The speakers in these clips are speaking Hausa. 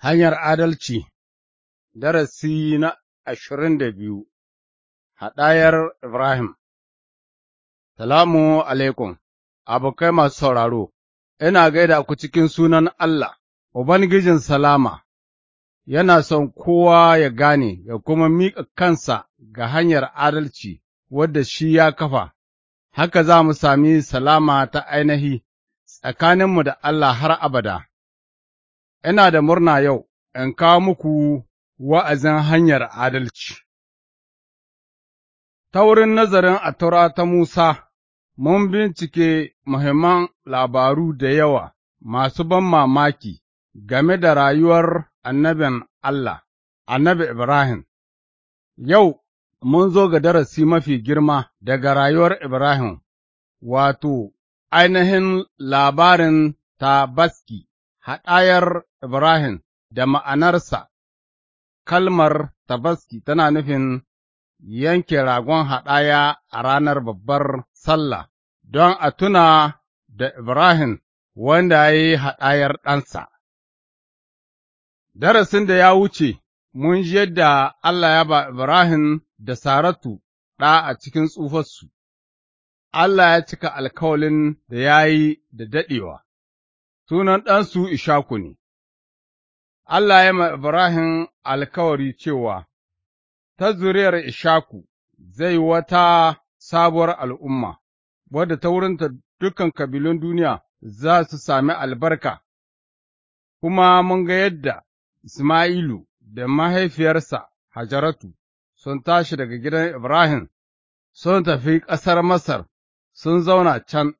Hanyar Adalci Darasi na ashirin da biyu Haɗayar Ibrahim Salamu alaikum, abokai masu sauraro, ina gaida ku cikin sunan Allah, Ubangijin Salama, yana son kowa ya gane ya kuma miƙa kansa ga hanyar adalci wadda shi ya kafa, haka za mu sami salama ta ainihi tsakaninmu da Allah har abada. ina da murna yau in kawo muku wa'azin hanyar adalci. Ta wurin nazarin a ta Musa, mun bincike muhimman labaru da yawa masu ban mamaki game da rayuwar annabin Allah, annabi Ibrahim. Yau mun zo ga darasi mafi girma daga rayuwar Ibrahim, wato, ainihin labarin ta baski haɗayar Ibrahim da ma'anarsa, kalmar tabaski tana nufin yanke ragon haɗaya a ranar babbar sallah don a tuna da Ibrahim wanda ya yi haɗayar ɗansa. Darasin da ya wuce, mun ji yadda Allah ya ba Ibrahim da Saratu ɗa a cikin tsufarsu, Allah ya cika alkawalin da ya yi da daɗewa, sunan ɗansu Ishaku ne, Allah ya ma Ibrahim alkawari cewa, Ta zuriyar Ishaku zai wata sabuwar al'umma, wadda ta wurinta dukan kabilun duniya za su sami albarka, kuma mun ga yadda Ismailu da mahaifiyarsa Hajaratu sun tashi daga gidan Ibrahim, sun tafi ƙasar Masar, sun zauna can,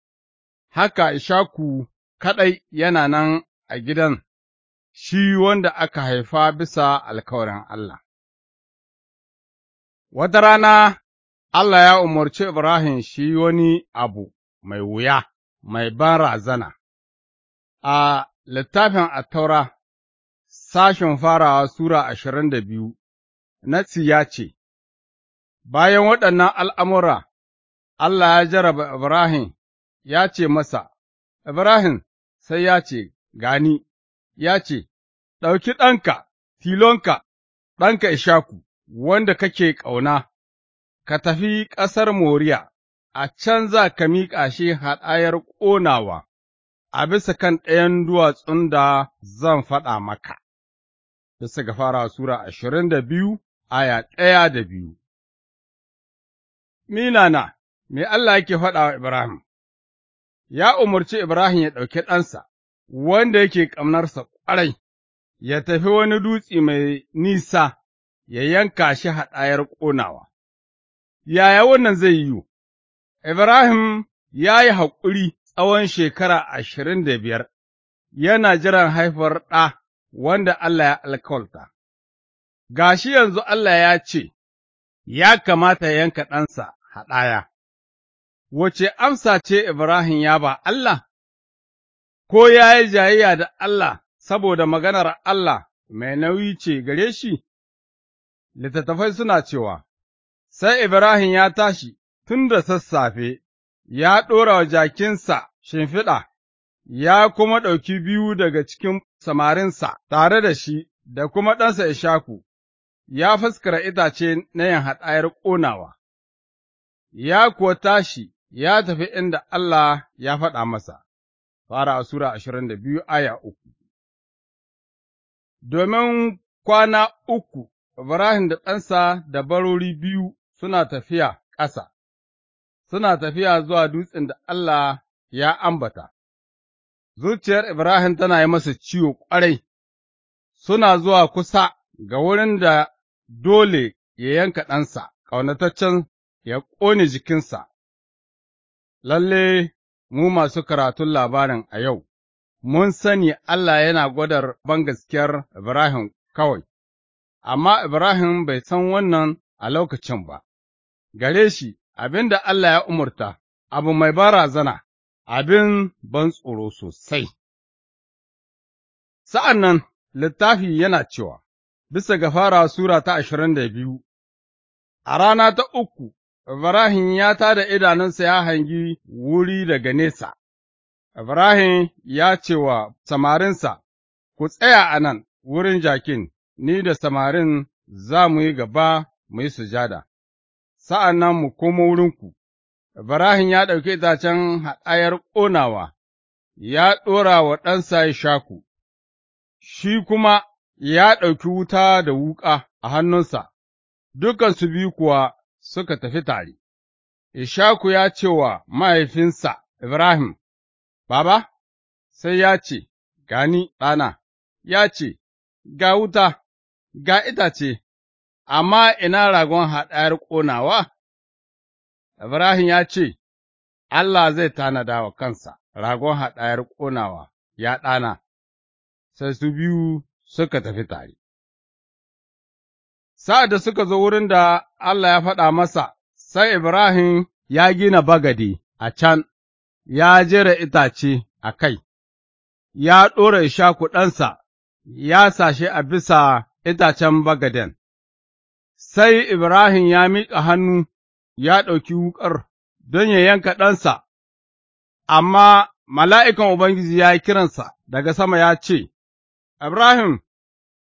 haka Ishaku kaɗai yana nan a gidan shi wanda aka haifa bisa alkawarin Allah. Wata rana Allah ya umarci Ibrahim shi wani abu mai wuya, mai ban razana, a littafin attaura, sashen farawa Sura ashirin da biyu, Natsi ya ce, Bayan waɗannan al'amura, Allah ya jaraba Ibrahim, ya ce masa, Ibrahim sai ya ce, Gani, ya ce, ɗauki ɗanka, filonka, ɗanka Ishaku, wanda kake ƙauna, ka tafi ƙasar Moriya, a can za ka miƙa shi haɗayar ƙonawa, a bisa kan ɗayan duwatsun da zan faɗa maka. Bisa ga fara Sura ashirin da biyu, aya ɗaya da biyu. Minana, me Allah yake faɗa wa Ibrahim? Ya umarci Ibrahim ya ɗauki ɗansa, wanda yake ƙamnarsa ƙwarai. ya tafi wani dutse mai nisa, ya yanka shi haɗayar ƙonawa. Yaya wannan zai yiwu? Ibrahim ya yi haƙuri tsawon shekara ashirin da biyar, yana jiran haifar ɗa wanda Allah ya alkawalta. Ga shi yanzu Allah ya ce, Ya kamata yanka ɗansa haɗaya, wace amsa ce Ibrahim ya ba Allah? Ko ya yi jayayya da Allah saboda maganar Allah mai nauyi ce gare shi, littattafai suna cewa, Sai Ibrahim ya tashi tun da sassafe, ya ɗora wa jakinsa shimfiɗa, ya kuma ɗauki biyu daga cikin samarinsa tare da shi da kuma ɗansa Ishaku, ya fuskara itace na yin haɗayar ƙonawa, ya kuwa tashi ya tafi inda Allah ya faɗa masa, fara a Sura ashirin da biyu aya uku. Domin kwana uku, Ibrahim da ɗansa da barori biyu suna tafiya ƙasa, suna tafiya zuwa dutsen da Allah ya ambata, zuciyar Ibrahim tana yi masa ciwo ƙwarai, suna zuwa kusa ga wurin da dole ya yanka ɗansa, ƙaunataccen ya ƙone jikinsa, lalle mu masu karatun labarin a yau. mun sani Allah yana gwadar bangaskiyar Ibrahim kawai, amma Ibrahim bai san wannan a lokacin ba, gare shi abin da Allah ya umarta, abu mai barazana, abin ban tsoro sosai. Sa'an nan littafi yana cewa, bisa ga fara Sura ta ashirin da biyu, a rana ta uku, Ibrahim ya tada idanunsa ya hangi wuri daga nesa, Ibrahim ya ce wa samarinsa, Ku tsaya a nan wurin jakin, ni da samarin za mu yi gaba mu yi sujada, sa'an nan mu komo wurinku. Ibrahim ya ɗauki itacen haɗayar ƙonawa, ya ɗora wa ɗansa Ishaku, shi kuma ya ɗauki wuta da wuƙa a hannunsa, dukansu biyu kuwa suka tafi tare. Ishaku ya ce wa mahaifinsa Ibrahim, Baba, sai ya ce, Ga ɗana, ya ce, Ga wuta, ga itace, amma ina ragon haɗayar ƙonawa? Ibrahim ya ce, Allah zai tanada wa kansa ragon haɗayar ƙonawa, ya ɗana, sai su biyu suka tafi tare. Sa'ad da suka zo wurin da Allah ya faɗa masa, sai Ibrahim ya gina bagadi a can ya jera itace a kai, ya ɗora ɗansa ya sashe a bisa itacen bagaden. Sai Ibrahim ya miƙa hannu ya ɗauki wuƙar don ya yanka ɗansa, amma mala'ikan Ubangiji ya yi kiransa daga sama ya ce, Ibrahim,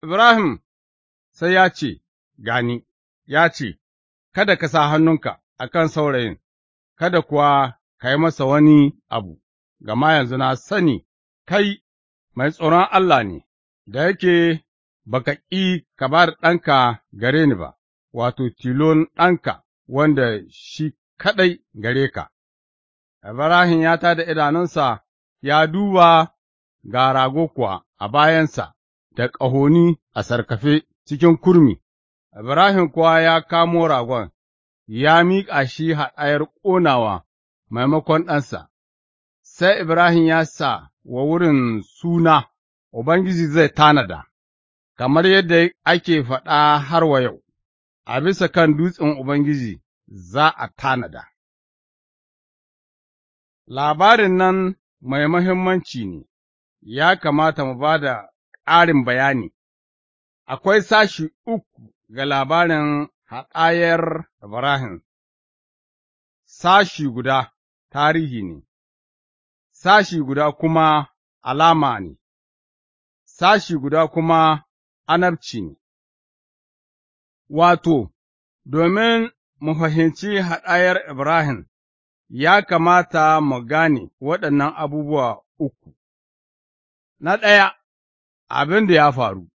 Ibrahim, sai ya ce, Gani, ya ce, Kada ka sa hannunka a kan saurayin, kada kuwa ka yi masa wani abu, gama yanzu na sani kai mai tsoron Allah ne, da yake baka ƙi ka ba da ɗanka gare ni ba, wato, tilon ɗanka wanda shi kaɗai gare ka. Ibrahim ya ta da idanunsa ya duba ga rago kuwa a bayansa da ƙahoni a sarkafe cikin kurmi, Ibrahim kuwa ya kamo ragon, ya miƙa shi haɗayar ƙonawa maimakon ɗansa, sai Ibrahim ya sa wa wurin suna Ubangiji zai tanada, kamar yadda ake faɗa har wa yau, a bisa kan dutsen Ubangiji za a tanada. Labarin nan mai mahimmanci ne, ya kamata mu ba da ƙarin bayani, akwai sashi uku ga labarin haɗayar Ibrahim, sashi guda tarihi ne, sashi guda kuma alama ne, sashi guda kuma anabci ne. Wato, domin mu fahimci haɗayar Ibrahim, ya kamata mu gane waɗannan abubuwa uku. Na ɗaya, abin da ya faru,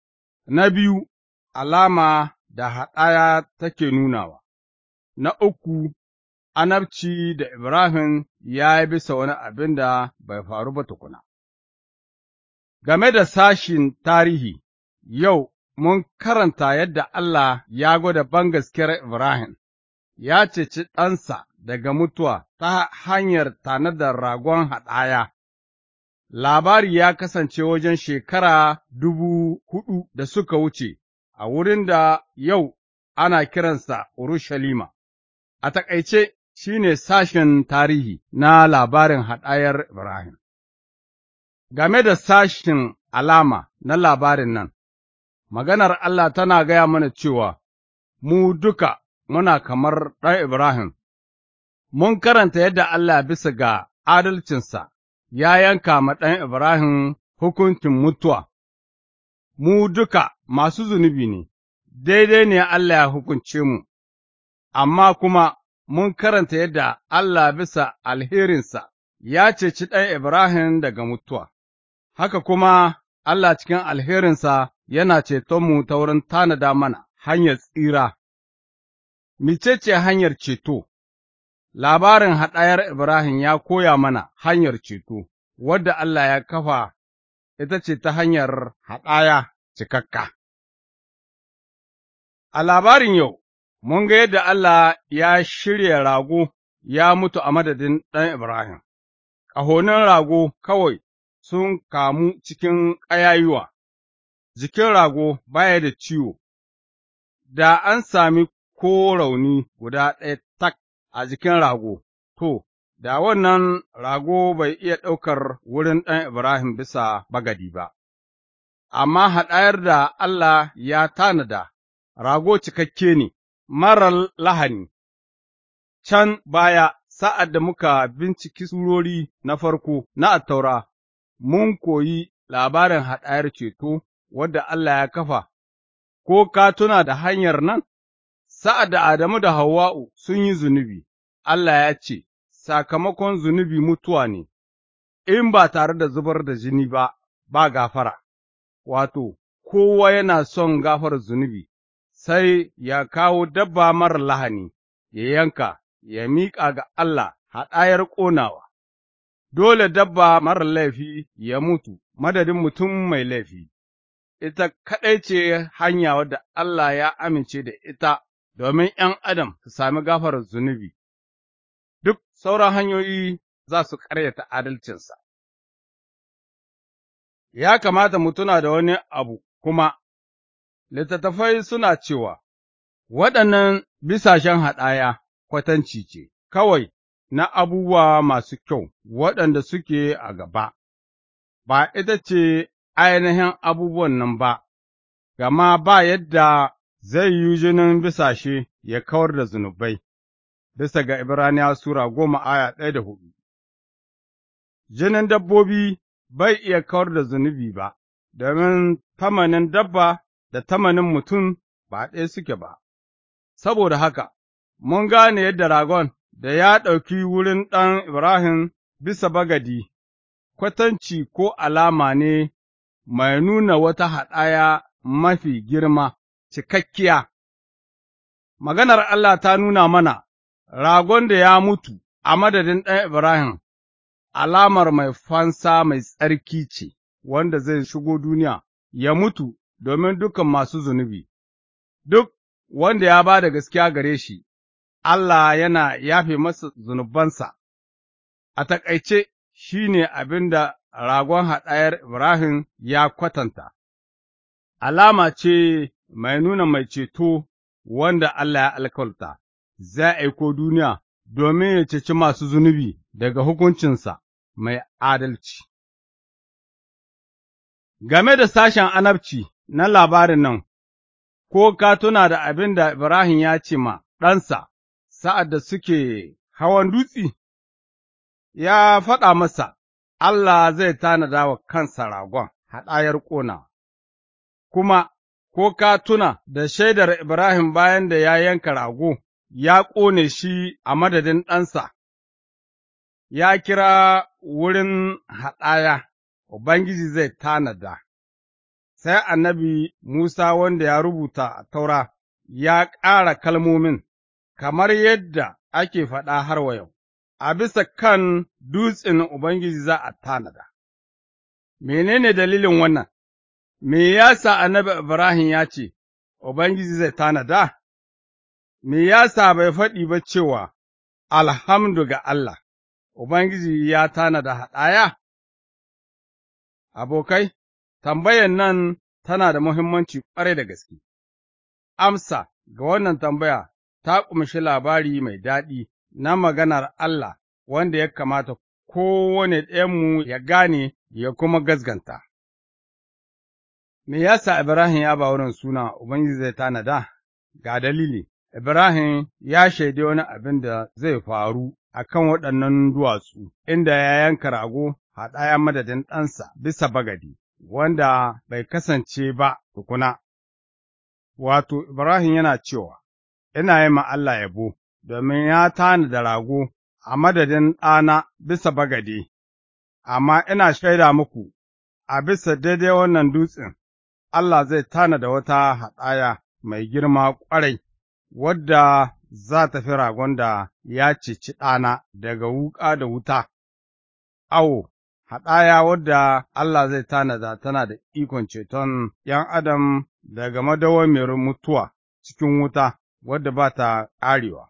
na biyu, alama da haɗaya take nunawa, na uku, anabci da Ibrahim ya yi bisa wani abin da bai faru ba tukuna. Game da sashin tarihi, yau mun karanta yadda Allah ya gwada bangaskiyar Ibrahim, ya ceci ɗansa daga mutuwa ta hanyar tanadar ragon haɗaya. Labari ya kasance wajen shekara dubu hudu da suka wuce a wurin da yau ana kiransa Urushalima. A taƙaice, shi ne sashen tarihi na labarin haɗayar Ibrahim. Game da sashen alama na labarin nan, maganar Allah tana gaya mana cewa, Mu duka muna kamar ɗan Ibrahim, mun karanta yadda Allah bisa ga adalcinsa ya yanka ma ɗan Ibrahim hukuncin mutuwa, mu duka masu zunubi ne, daidai ne Allah ya hukunce mu, amma kuma mun karanta yadda Allah bisa alherinsa ya ceci ɗan Ibrahim daga mutuwa, haka kuma Allah cikin alherinsa yana cetonmu ta wurin tanada mana hanyar tsira. Micece hanyar ceto Labarin haɗayar Ibrahim ya koya mana hanyar ceto, wadda Allah ya kafa ita ce ta hanyar haɗaya cikakka. A labarin yau, mun ga yadda Allah ya shirya rago ya mutu a madadin ɗan Ibrahim, ƙahonin rago kawai sun kamu cikin ƙayayuwa, jikin rago baya da ciwo, da an sami ko rauni guda ɗaya tak a jikin rago, to, da wannan rago bai iya ɗaukar wurin ɗan Ibrahim bisa bagadi ba, amma haɗayar da Allah ya tanada, rago cikakke ne, marar lahani. Can baya, sa'ad da muka binciki surori na farko na attaura, mun koyi labarin haɗayar ceto wadda Allah ya kafa, ko ka tuna da hanyar nan? Sa'ad da Adamu da Hawwa'u sun yi zunubi, Allah ya ce, Sakamakon zunubi mutuwa ne, in ba tare da zubar da jini ba, ba gafara, wato, kowa yana son gafar zunubi, sai ya kawo dabba marar lahani, ya yanka, ya miƙa ga Allah haɗayar ƙonawa, dole dabba marar laifi ya mutu madadin mutum mai laifi, ita kaɗai ce hanya wadda Allah ya amince da ita domin ’yan adam su sami gafarar zunubi, duk sauran hanyoyi za su ƙaryata adalcinsa. Ya kamata mu tuna da wani abu kuma littattafai suna cewa, Waɗannan bisashen haɗaya kwatanci ce kawai na abubuwa masu kyau waɗanda suke a gaba, ba ita ce ainihin abubuwan nan ba, gama ba yadda zai yi jinin bisashe ya kawar da zunubai, bisa ga Ibraniya Sura goma aya ɗaya da hudu. Jinin dabbobi bai iya kawar da zunubi ba, domin tamanin dabba da tamanin mutum ba ɗaya suke ba, saboda haka, mun gane yadda ragon da ya ɗauki wurin ɗan Ibrahim bisa bagadi, kwatanci ko alama ne mai nuna wata haɗaya mafi girma, cikakkiya. Maganar Allah ta nuna mana, ragon da ya mutu a madadin ɗan Ibrahim, alamar mai fansa mai tsarki ce, wanda zai shigo duniya, ya mutu domin dukan masu zunubi, duk wanda ya ba da gaskiya gare shi, Allah yana yafe masa zunubansa, a taƙaice shi ne abin da ragon haɗayar Ibrahim ya kwatanta, alama ce mai nuna mai ceto wanda Allah ya alkalta, zai aiko duniya domin ya ceci masu zunubi daga hukuncinsa mai adalci. Game da sashen anabci, na labarin nan, ko ka tuna da abin da Ibrahim ya ce ma ɗansa sa'ad da suke hawan dutse, ya faɗa masa, Allah zai tanada wa kansa ragon haɗayar ƙona, kuma ko ka tuna da shaidar Ibrahim bayan da ya yanka rago, ya ƙone shi a madadin ɗansa, ya kira wurin haɗaya, Ubangiji zai tanada. sai annabi Musa wanda ya rubuta taura ya ƙara kalmomin, kamar yadda ake faɗa har wa yau, a bisa kan dutsen Ubangiji za a tanada. Menene dalilin wannan? Me ya sa annabi Ibrahim ya ce, Ubangiji zai tanada? Me ya sa bai faɗi ba cewa, Alhamdu ga Allah, Ubangiji ya tanada haɗaya? Abokai, Tambayan nan tana da muhimmanci ƙwarai da gaske. Amsa ga wannan tambaya ta ƙumshi labari mai daɗi na maganar Allah wanda ya kamata kowane ɗayanmu ya gane ya kuma gazganta. Me yasa Ibrahim ya ba wurin suna Ubangiji zai tanada? Ga dalili, Ibrahim ya shaidi wani abin da zai faru a kan waɗannan duwatsu, inda ya yanka rago haɗaya madadin ɗansa bisa bagadi, wanda bai kasance ba tukuna. Wato, Ibrahim yana cewa, Ina yi ma Allah yabo, domin ya tani da rago a madadin ɗana bisa bagade, amma ina shaida muku, a bisa daidai wannan dutsen, Allah zai tana da wata haɗaya mai girma ƙwarai, wadda za ta fi ragon da ya ceci ɗana daga wuƙa da wuta. Awo, haɗaya wadda Allah zai tanada tana da ikon ceton ’yan adam daga mai mutuwa cikin wuta wadda ba ta ƙarewa.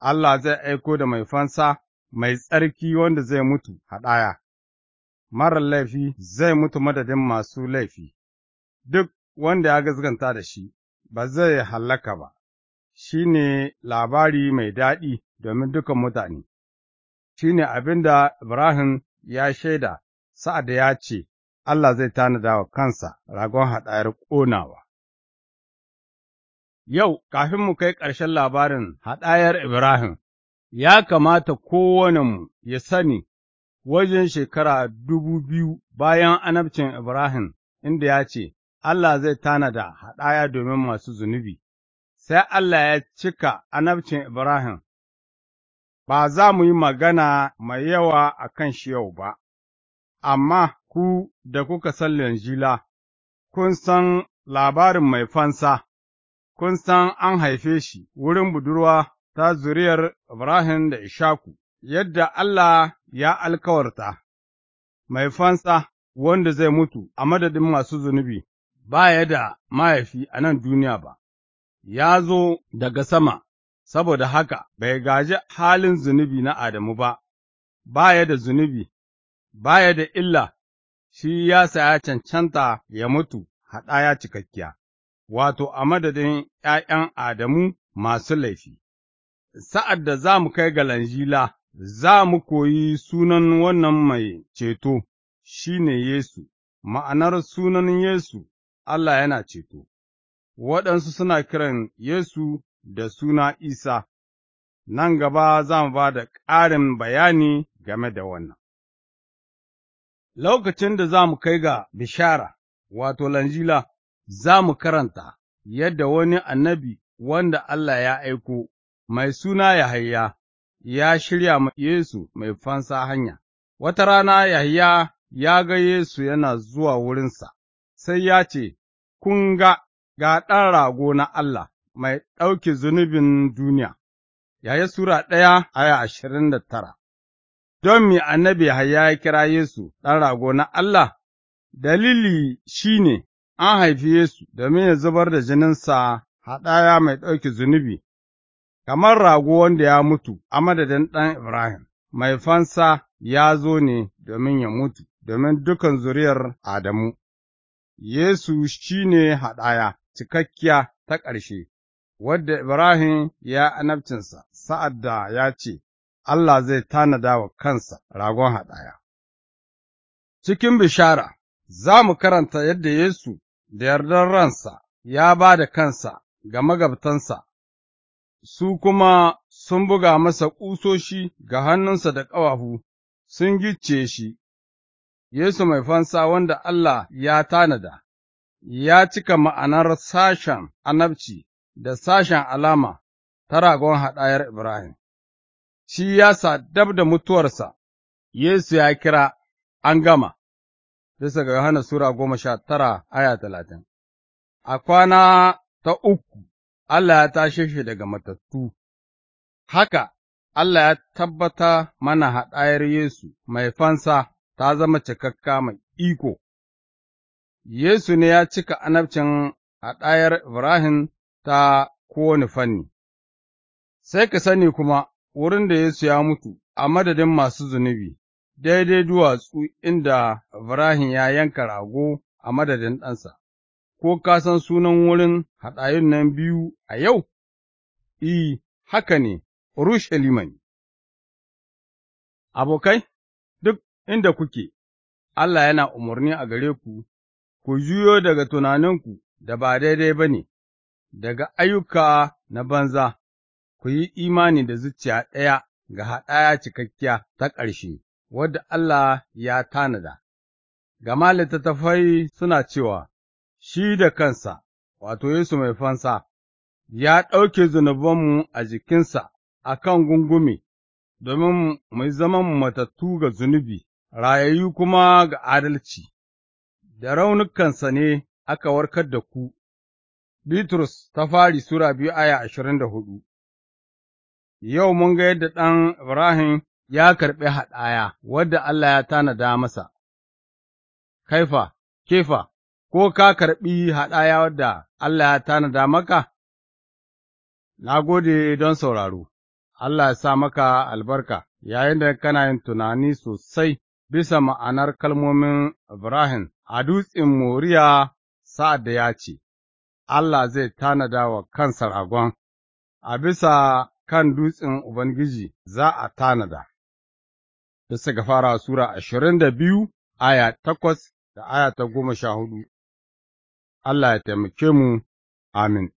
Allah zai aiko da mai fansa mai tsarki wanda zai mutu haɗaya, marar laifi zai mutu madadin masu laifi, duk wanda ya gaskanta da shi ba zai hallaka ba, shi ne labari mai daɗi domin dukan mutane, shi ne abin da Ibrahim ya shaida sa'ad da ya ce, Allah zai tanada wa kansa ragon haɗayar ƙonawa. Yau, kafin mu kai ƙarshen labarin haɗayar Ibrahim, ya kamata kowanenmu ya sani wajen shekara dubu biyu bayan anabcin Ibrahim, inda ya ce, Allah zai tanada haɗaya domin masu zunubi, sai Allah ya cika anabcin Ibrahim ba za mu yi magana mai yawa a kan shi yau ba, amma ku da kuka san Lanjila, kun san labarin mai fansa, kun san an haife shi wurin budurwa ta zuriyar Ibrahim da Ishaku, yadda Allah ya alkawarta, mai fansa wanda zai mutu a madadin masu zunubi, ba ya da mahaifi a nan duniya ba, ya zo daga sama saboda haka bai gaji halin zunubi na Adamu ba, ba ya da zunubi, ba ya da illa, shi ya saya cancanta ya mutu haɗaya cikakkiya, wato a madadin ’ya'yan Adamu masu laifi. Sa'ad da za mu kai ga Lanjila, za mu koyi sunan wannan mai ceto, shi ne Yesu, ma'anar sunan Yesu, Allah yana ceto. Waɗansu suna kiran Yesu da suna Isa, nan gaba za ba da ƙarin bayani game da wannan. Lokacin da za mu kai ga bishara, wato lanjila, za mu karanta yadda wani annabi wanda Allah ya aiko, mai suna Yahaya, ya shirya ma Yesu mai fansa hanya. Wata rana Yahaya ya ga Yesu yana zuwa wurinsa, sai ya ce, Kun ga, ga ɗan rago na Allah. mai ɗauki zunubin duniya, yaya Sura ɗaya aya ashirin da tara. Don mi annabi Yahaya ya kira Yesu ɗan rago na Allah, dalili shi ne an haifi Yesu domin ya zubar da jininsa haɗaya mai ɗauki zunubi, kamar rago wanda ya mutu a madadin ɗan Ibrahim, mai fansa ya zo ne domin ya mutu, domin dukan zuriyar Adamu. Yesu shi ne haɗaya cikakkiya ta ƙarshe wadda Ibrahim ya anabcinsa sa'ad da ya ce, Allah zai tanada wa kansa ragon haɗaya. Cikin bishara, za mu karanta yadda Yesu da yardar ransa ya ba da kansa ga magabtansa, su kuma sun buga masa ƙusoshi ga hannunsa da ƙawafu sun gice shi, Yesu mai fansa wanda Allah ya tanada, ya cika ma'anar sashen anabci da sashen alama ta ragon haɗayar Ibrahim, shi ya sa dab da mutuwarsa, Yesu ya kira an gama, bisa ga Yohana Sura goma sha tara aya talatin, a kwana ta uku Allah ya tashe shi daga matattu, haka Allah ya tabbata mana haɗayar Yesu mai fansa ta zama cikakka mai iko. Yesu ne ya cika anabcin haɗayar Ibrahim ta kowane fanni. Sai ka sani kuma wurin da Yesu ya mutu a madadin masu zunubi, daidai duwatsu inda Ibrahim ya yanka rago a madadin ɗansa, ko ka san sunan wurin haɗayun nan biyu a yau? I, haka ne, Urushalima Limani. Abokai, duk inda kuke, Allah yana umarni a gare ku, ku juyo daga tunaninku da ba daidai ba ne, daga ayyuka na banza, ku yi imani da zuciya ɗaya ga haɗaya cikakkiya ta ƙarshe, wadda Allah ya tanada. Gama littattafai suna cewa, Shi da kansa, wato Yesu mai fansa, ya ɗauke zunubanmu a jikinsa a kan gungume, domin mu zaman matattu ga zunubi, rayayyu kuma ga adalci, da raunukansa ne aka warkar da ku. Bitrus ta fari Sura biyu aya ashirin da hudu Yau mun ga yadda ɗan Ibrahim ya karɓi haɗaya wadda Allah ya tanada masa, kaifa, kefa, ko ka karɓi haɗaya wadda Allah ya tanada maka? Na gode don sauraro, Allah ya sa maka albarka yayin da kana yin tunani sosai bisa ma'anar kalmomin Ibrahim a dutsen Moriya sa'ad da ya ce, Allah zai tanada wa kansa ragon, a bisa kan dutsen Ubangiji za a tanada. Bisa ga fara Sura ashirin da biyu, aya takwas da aya ta goma sha hudu, Allah ya taimake mu, amin.